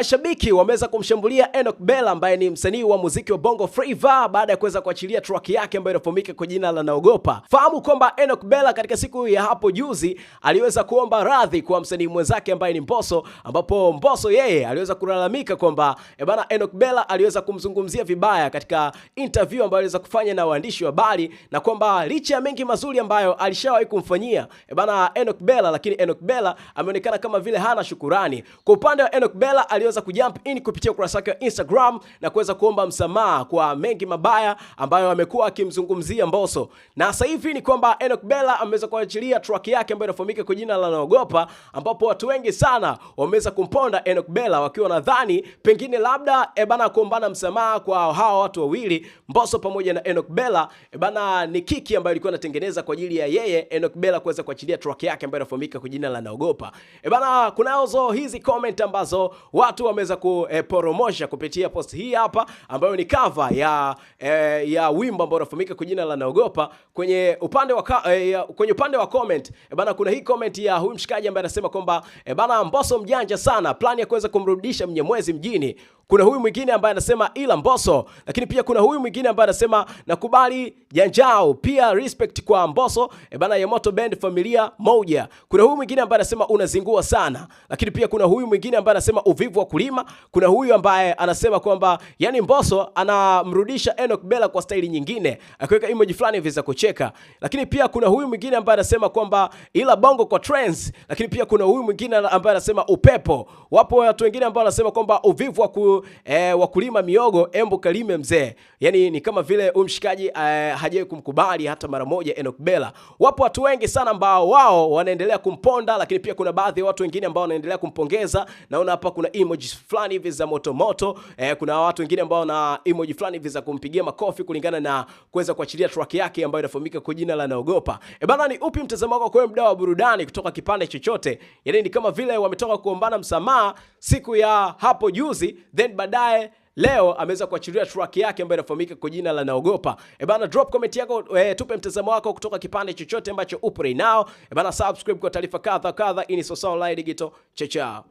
Mashabiki wameweza kumshambulia Enoch Bella ambaye ni msanii wa muziki wa Bongo Flava baada ya kuweza kuachilia track yake ambayo inafahamika kwa jina la Naogopa. Fahamu kwamba Enoch Bella katika siku ya hapo juzi aliweza kuomba radhi kwa msanii mwenzake ambaye ni Mbosso, ambapo Mbosso yeye aliweza kulalamika kwamba eh bana, Enoch Bella aliweza kumzungumzia vibaya katika interview ambayo aliweza kufanya na waandishi wa habari na kwamba licha ya mengi mazuri ambayo alishawahi kumfanyia eh bana Enoch Bella, lakini Enoch Bella ameonekana kama vile hana shukurani. Kwa upande wa Enoch Bella aliweza kujump in kupitia ukurasa wake wa Instagram na kuweza kuomba msamaha kwa mengi mabaya ambayo amekuwa akimzungumzia Mbosso. Na sasa hivi ni kwamba Enoch Bella ameweza kuachilia track yake ambayo inafahamika kwa jina la Naogopa, ambapo watu wengi sana wameweza kumponda Enoch Bella wakiwa nadhani pengine labda ebana eh, kuombana msamaha kwa hawa watu wawili Mbosso pamoja na Enoch Bella ebana, eh, ni kiki ambayo ilikuwa inatengeneza kwa ajili ya yeye Enoch Bella kuweza kuachilia track yake ambayo inafahamika kwa jina la Naogopa. Ebana, eh, kunazo hizi comment ambazo watu watu wameweza kuporomosha eh, kupitia post hii hapa ambayo ni cover ya, e, ya wimbo ambao unafahamika kwa jina la naogopa. Kwenye upande wa, e, kwenye upande wa comment e, bana, kuna hii comment ya huyu mshikaji ambaye anasema kwamba e, bana Mbosso mjanja sana, plani ya kuweza kumrudisha Mnyamwezi mjini kuna huyu mwingine ambaye anasema ila Mbosso, lakini pia kuna huyu mwingine ambaye anasema nakubali janjao, pia respect kwa Mbosso e bana, ya moto Band familia moja. Kuna huyu mwingine ambaye anasema unazingua sana, lakini pia kuna huyu mwingine ambaye anasema uvivu wa kulima. Kuna huyu ambaye anasema kwamba yani Mbosso anamrudisha Enoch Bella kwa staili nyingine, akiweka emoji fulani hivi za kucheka. Lakini pia kuna huyu mwingine ambaye anasema kwamba ila bongo kwa trends, lakini pia kuna huyu mwingine ambaye anasema upepo. Wapo watu wengine ambao wanasema kwamba uvivu wa kulima e, wakulima miogo Embo Kalime mzee, yani ni kama vile umshikaji e, eh, hajai kumkubali hata mara moja Enoch Bella. Wapo watu wengi sana ambao wao wanaendelea kumponda, lakini pia kuna baadhi ya watu wengine ambao wanaendelea kumpongeza. Naona hapa kuna emojis fulani hivi za moto moto. E, kuna watu wengine ambao na emoji fulani hivi za kumpigia makofi kulingana na kuweza kuachilia track yake ambayo inafahamika kwa jina la naogopa. E, bana ni upi mtazamo wako kwa mdau wa burudani kutoka kipande chochote? Yani ni kama vile wametoka kuombana msamaha siku ya hapo juzi then then baadaye leo ameweza kuachilia track yake ambayo inafahamika kwa jina la Naogopa. E bana, drop comment yako e, tupe mtazamo wako kutoka kipande chochote ambacho upo right now. E bana, subscribe kwa taarifa kadha kadha. Ini Sawasawa Online Digital, chao chao.